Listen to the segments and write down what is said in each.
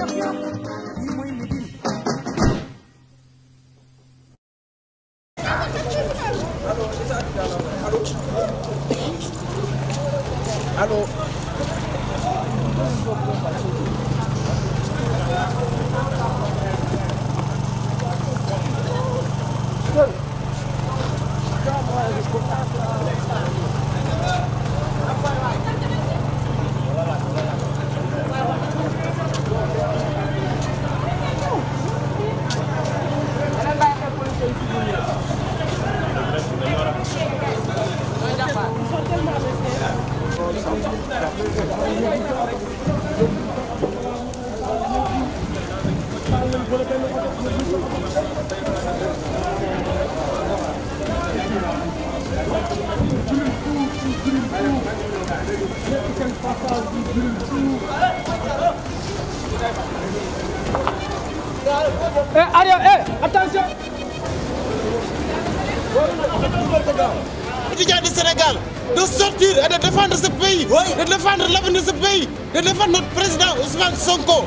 yëpp yëpp étudiants du Sénégal de sortir et de défendre ce pays de défendre l'avenir de ce pays de défendre notre président Ousmane Sonko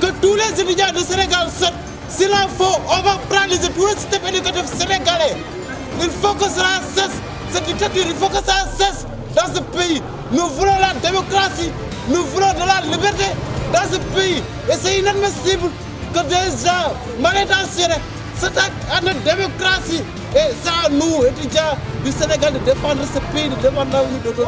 que tous les étudiants du Sénégal sortent s'il en faut on va paralyser tout le système éducatif sénégalais il faut que cela cesse cette il faut que ça cesse dans ce pays nous voulons la démocratie nous voulons de la liberté dans ce pays et c'est inadmissible que des gens mal intentionnés s'attaquent à notre Et ça, nous, étudiants du Sénégal, de défendre ce pays, de défendre l'avenir de notre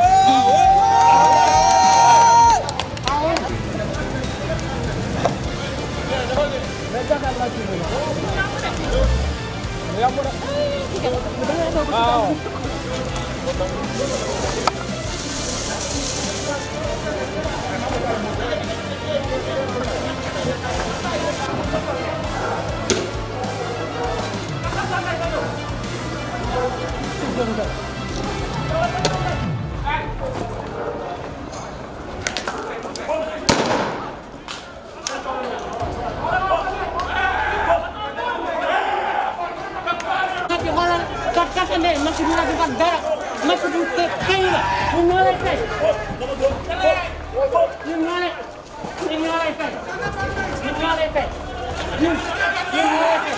Thank you. Yun! Yun! Yun!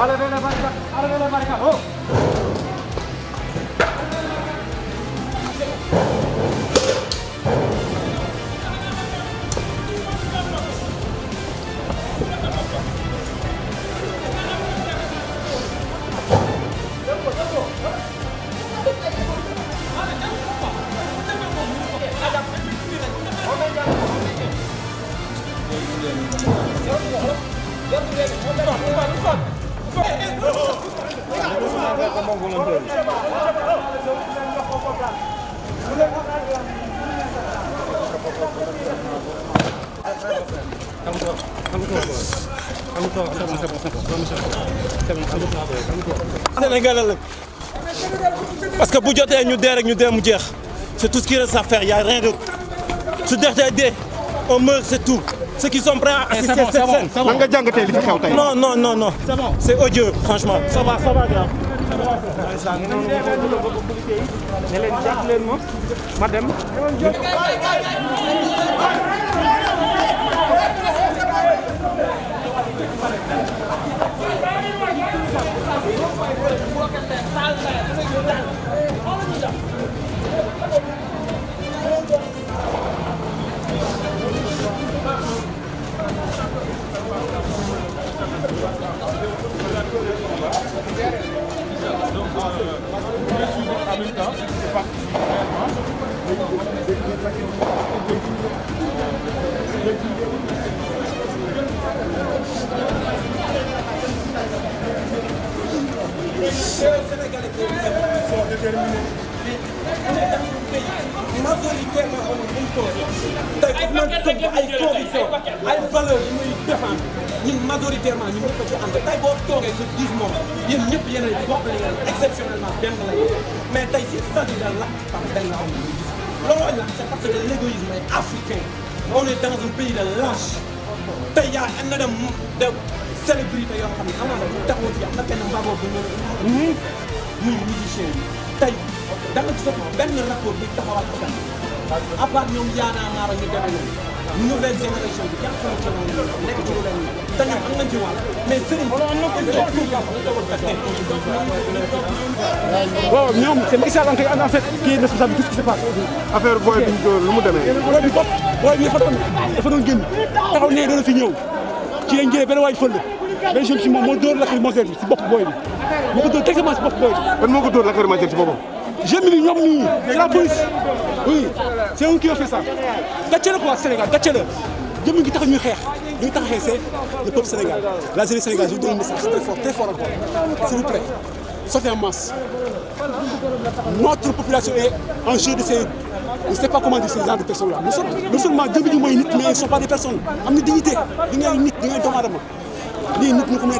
Vale, vale, vale. Sénégalais la parce que bu jotee ñu dee rek ñu dee mu jeex c'est tout ce qui reste à faire y a rien d'autre su deextee dee on meurt c'est tout ceux qui sont prêts à assister cette scène nan nga jàngatee li fi xew tey non non non non c'est odieux franchement ça va ça va grave ne leen jàpp leen ma ma dem en même temps, c'est parti. majoritairement amul buñ ko tey Ousmane Sonko ay conviction ay valeur yi muy défendre ñun majoritairement ñu ñëpp a ci ànd tey boo toogee su 10 moom yéen ñëpp yéen a bokk leen exceptionnellement benn la ñu mais tey si sadi la lakk par benn am looloo ñu c'est parce que l'égoïsme est africain on est dans un pays de lâche tey yaa am na célébrité yoo xam ne amaana bu taxaw ci am na benn mbaboo bu ci kan à part ñoom yaanaa maara ñu nekk ci na ko waaw ñoom seen isaan en fait en fait kii na responsable tout ce qui se booy bi lu mu demee booy bi dafa doon dafa doon génn taxaw ne doon fi ñëw ci be jëlee benn waay fël benn jeune si moom moo dóor lacrymogène bi si bopp booy bi moo ko dóor exactement si si boppam. jeune bi ñoom ñii la police oui c'est eux qui ont fait ça gàcce la quoi Sénégal gàcce la jëmm tax ñuy xeex li ñu tax a xeexee le peuple sénégal la jeunesse sénégalaise je vous donne un message très fort très fort encore s'il vous en masse notre population est en jeu de ces je ne pas comment dire ces de personnes là non seulement non seulement jëmmi pas des personnes am na dignité di ngay nit di ngay doomu aadama lii nit ñu ko mën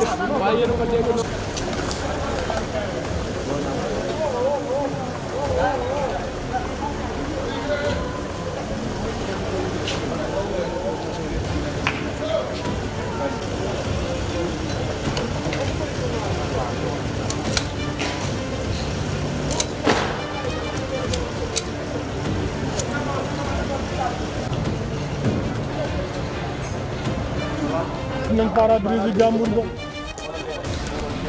jàmbur ba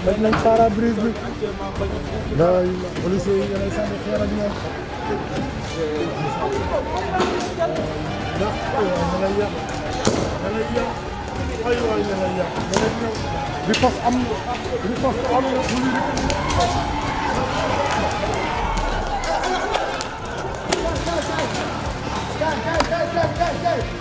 bañ nañ pare-brise bi daay police yi yéen ay sànni xeer ak ñoom ndax aywaay na lay yàq na lay yàq aywaay na lay yàq na lay ñëw bi fas am bi fas am Go, go, go, go, go!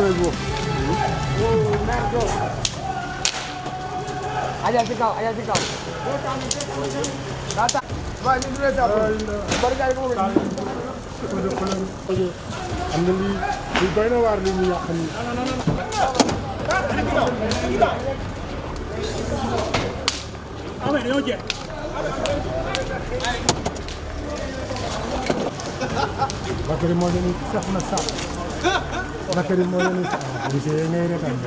bu ajal si kaw ajal si kaw am na lii li doy na waar li ñu yàq nii Amen, yo je. Bakari moo ne sax na sax. Bakary moo leen sa am monsieur yooyu ngay reetaan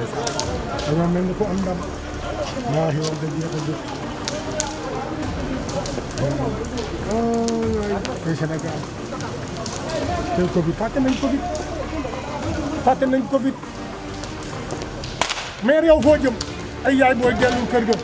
dañoo mel ni ku am ndam waaye wax dëgg yëpp a jóg tey Sénégal tey Covid fàtte nañ Covid fàtte nañ Covid mais yow foo jëm ay yaay booy dellu kër ga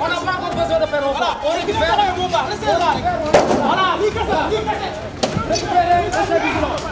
on n'a pas encore besoin de faire repas. On récupère. Voilà, lii kese la. Récupérez ce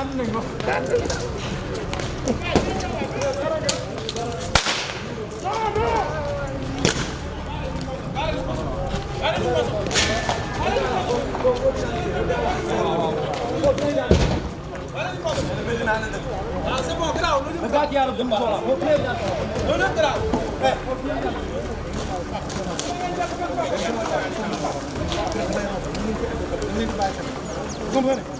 난는 Come on.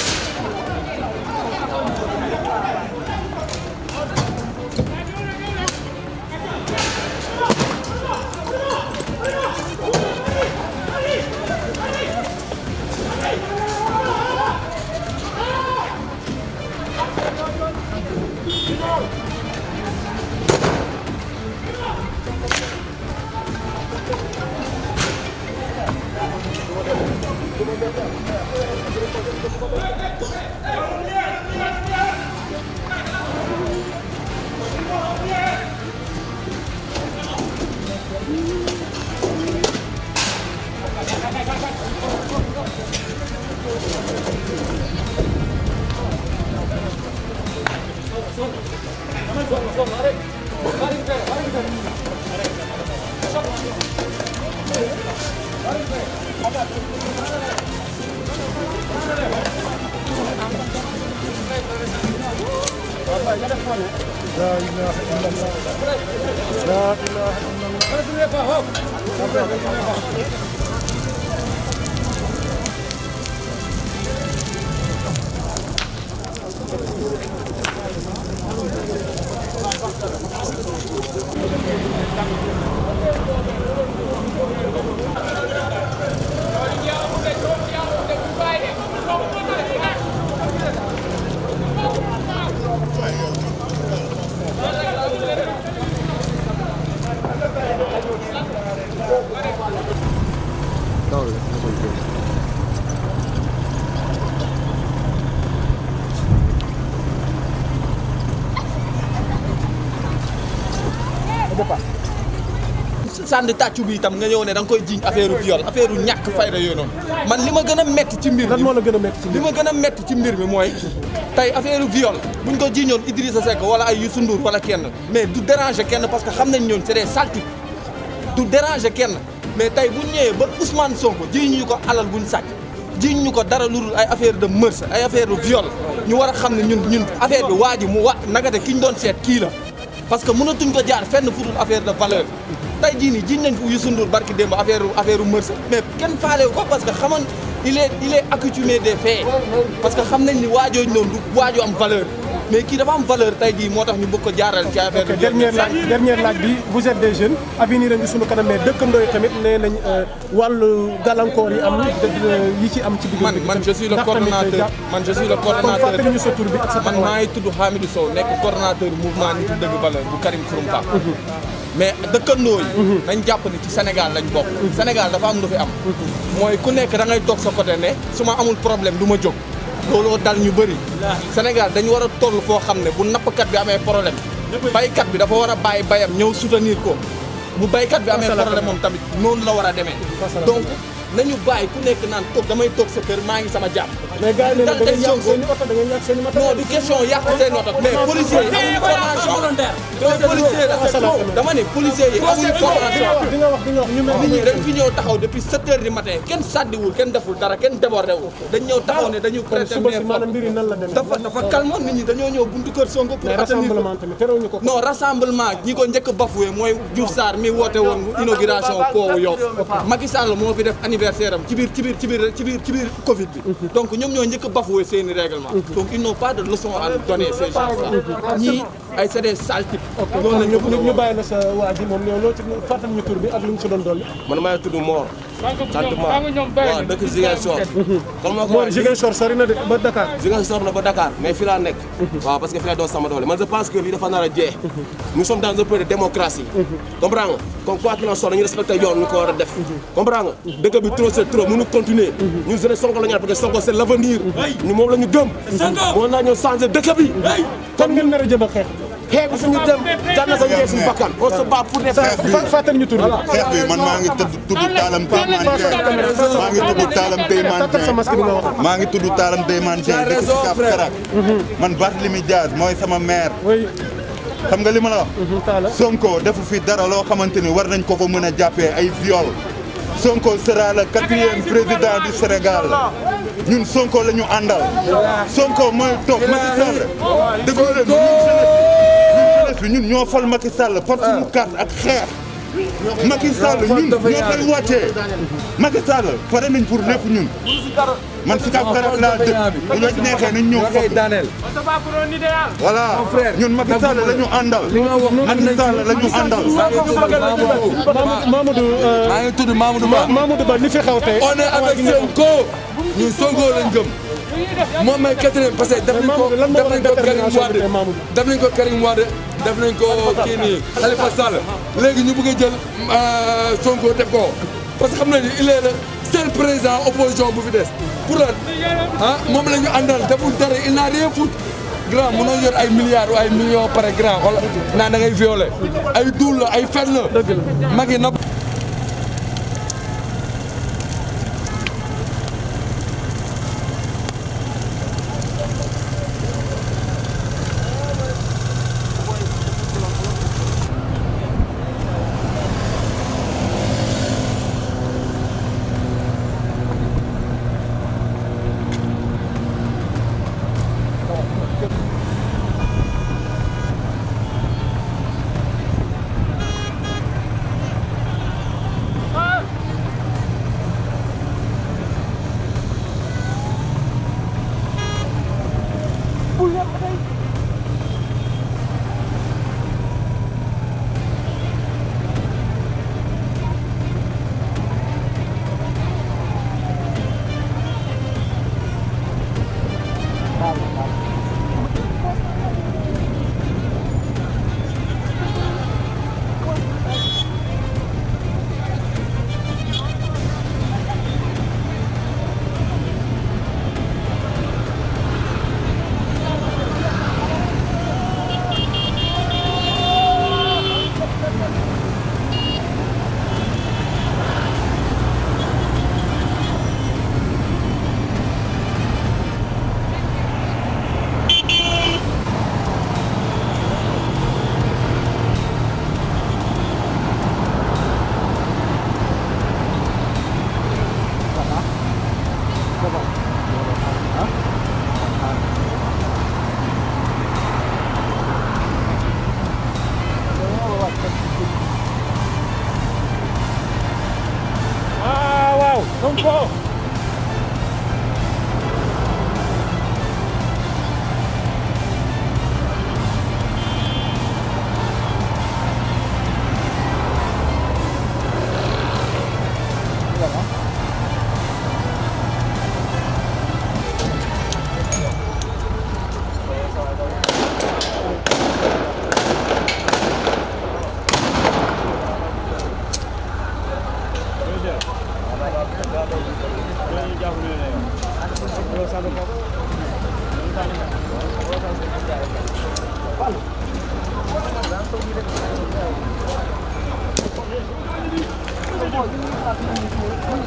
ànd tàccu bi itam nga ñëw ne da koy jiiñ affaire viol affaire ñàkk fayda yooyu noonu man li ma gën a metti ci mbir mi lan a metti ci li ma gën a metti ci mbir mi mooy tey affaire viol buñ ko jiiñoon Idrissa Seck wala ay Youssou Ndour wala kenn mais du déranger kenn parce que xam nañ ñoon c'est des saltiques du déranger kenn mais tey buñ ñëwee ba Ousmane Sonko jiiñ ñu ko alal buñ sàcc jiiñ ñu ko dara lu dul ay affaire de mœurs ay affaire de viol ñu war a xam ne ñun ñun affaire bi waa ji mu wa nagate ki ñu doon seet kii la parce que mënatuñ ko jaar fenn fu dul affaire de valeur tey jii nii jiñ nañ ko Youssou Ndour barki démb affaire affaire mërsa mais kenn faale ko parce que xaman il est il est accoutumé parce que xam nañ ni waajooñ noonu du waajoo am valeur mais kii dafa am valeur tey jii moo tax ñu bëgg ko jaaral ci affaire bi. dernière laaj dernière bi vous êtes des jeunes avenir a ngi kanam mais dëkkandoo yi tamit nee nañ euh, wàllu gàllankoor yi am yi ci am. ci bi man sa man maa tudd Hamidou Sow nekk coordonnateur mouvement Nittu Dëgg mais dëkkandoo yi nañ jàpp ni ci Sénégal lañ bokk Sénégal dafa am lu fi am mooy ku nekk da ngay toog sa côté ne su ma amul problème du ma jóg looloo dal ñu bëri Sénégal dañu war a toll foo xam ne bu nappkat bi amee problème baykat bi dafa war a bàyyi bayam ñëw soutenir ko bu baykat bi amee problème moom tamit noonu la war a demee donc nañu bàyyi ku nekk naan toog damay toog sa kër maa ngi sama jàpp. mais i du question yàq seen oto mais policiers yi amuñu formation. dama ne policiers yi amuñu formation. di nga wax dañ fi ñëw taxaw depuis 7 heures du matin kenn sàddiwul kenn deful dara kenn débordé wul dañ ñëw taxaw ne dañu. prêter dafa dafa calme nit ñi dañoo ñëw buntu kër Sonko ko non rassemblement ñi ko njëkk bafoué mooy Diouf Sarr mi woote woon inauguration poowu Yoff Macky Sall moo fi def anniversaire am ci biir ci biir Covid bi. Mhm. donc ñoom ñoo njëkk a bafoué seen i règlement. Mhm. donc ils n'ont de leçon à donner ces gens-là. Mhm. ñii ay c'est des ok ñu bàyyi la sa waa moom yow loo ci fàttali ñu tur bi lu mu si doon dolli. man maa ngi tudd waaw dëkk Ziguinchor. comme ma ko waxee Ziguinchor ba Dakar. Ziguinchor na ba Dakar mais fii nekk. Mhm. waaw parce que fii laa sama doole man je pense que lii dafa a jeex. Mhm. nous sommes dans un pays de démocratie. Mhm. comprends nga comme quoi yoon ñu ko def. comprends nga dëkk bi trop c'est trop mënu continuer. ñun la ñu parce que Sonko c'est ñu moom la ñu gëm. Sonko naa ñoo changé dëkk kon ngeen nar a jëm xeebu fu ñu dem ñu tudd xeex bi man maa ngi tudd tudd taalam Tayman Dieng maa ngi tudd taalam Tayman Dieng maa ngi tudd taalam Tayman Dieng dëkk si Cap Skirring man Barthélémy Dias mooy sama meer xam nga li ma la mhm, Sonko defu fi dara loo xamante ni war nañ ko ko mën a jàppee ay viol Sonko sera le quatrième président du Sénégal ñun Sonko lañu ñu àndal Sonko mooy toog Macky Sall déglu leen ñun jeunesse bi ñun ñoo fal Macky Sall par suñu ah. carte ak xeer. Macky Sall ñun ñoo koy wootee Macky Sall pare nañ pour lépp ñun man si kaw garab laa dëkk bu ñu ci neexee nañ ñëw fokk voilà ñun Macky Sall la ñu àndal Macky Sall la ñu àndal Mamadou euh, maa ngi tudd Mamadou Ba Mamadou Ba li fi xew tey on est avec Sonko ñun Sonko lañ gëm moom mooy quatrième parce que daf nañ ko daf nañ daf nañ ko Karim Wade daf nañ ko kii nii Khalifa Sall ñu bëgg a jël euh, Sonko def ko parce que xam nañu il est le seul bu fi des pour lan ah moom la ñu àndal deful dara il n'a rien foutu grand mënoo yor ay milliards ay millions pare grand xool naa da ngay violé ay duul la ay fen la magi na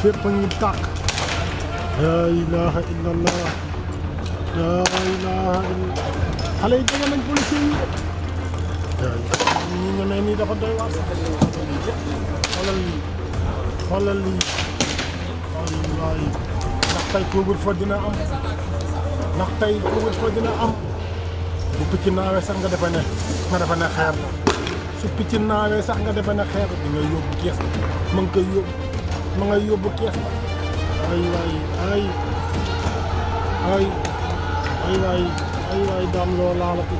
fépp a laa ilaha illallah laa ilaha illallah xale yi jege nañ policier yi ñu ñemee nii dafa doy waar xoolal lii xoolal lii wallaay ndax dina am ndax tey couvre-feu dina am bu picc nga defe ne nga defe ne xeer sax nga defe ne xeer di nga yóbbu kees ma nga ma ngay yóbbu kees ba ay waay ay ay ay waay ay waay daam loo laalati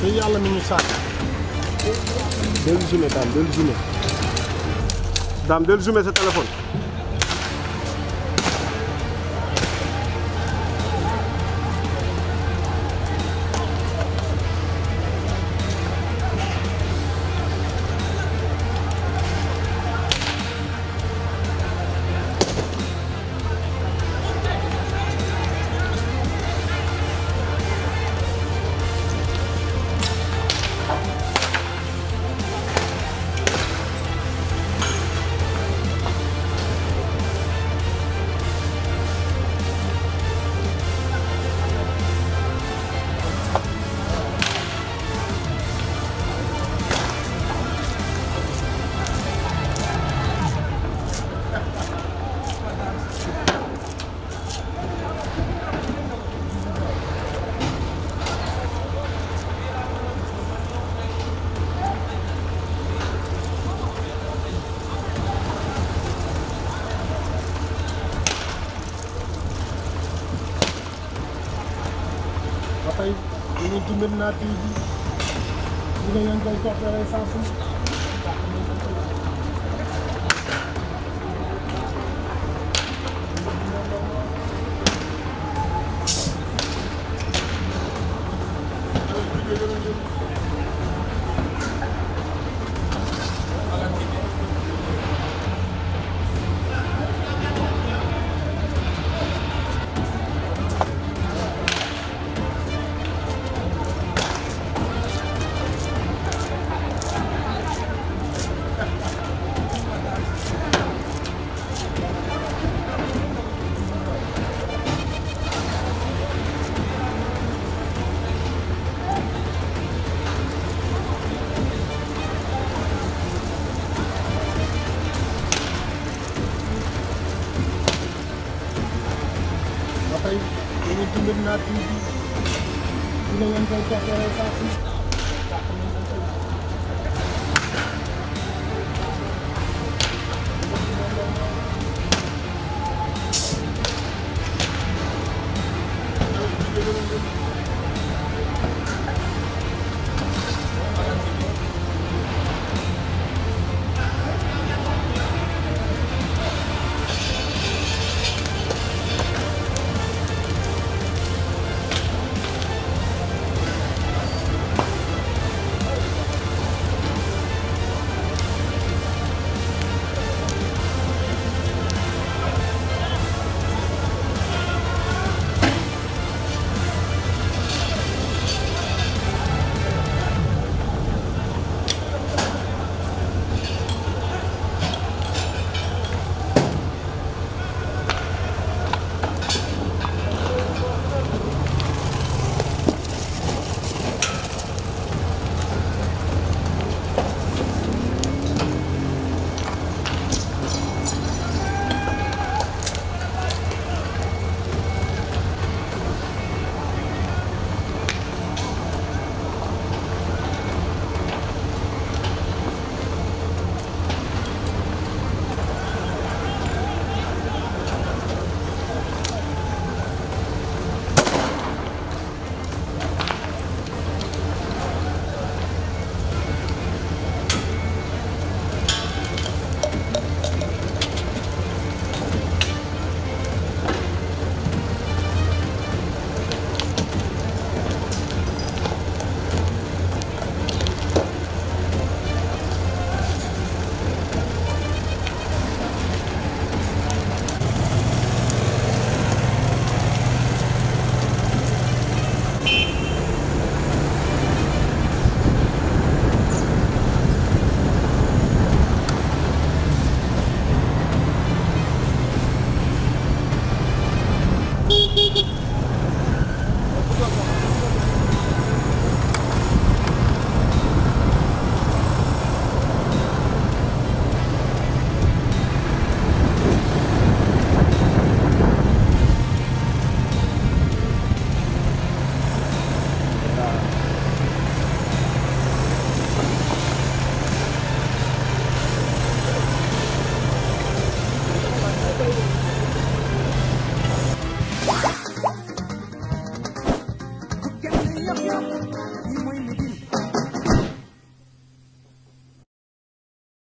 te yàlla mi ñu sàkk dellu si ne daal dellu si ne daam del zoomé sa téléphone Médina TV dina leen koy toppale sans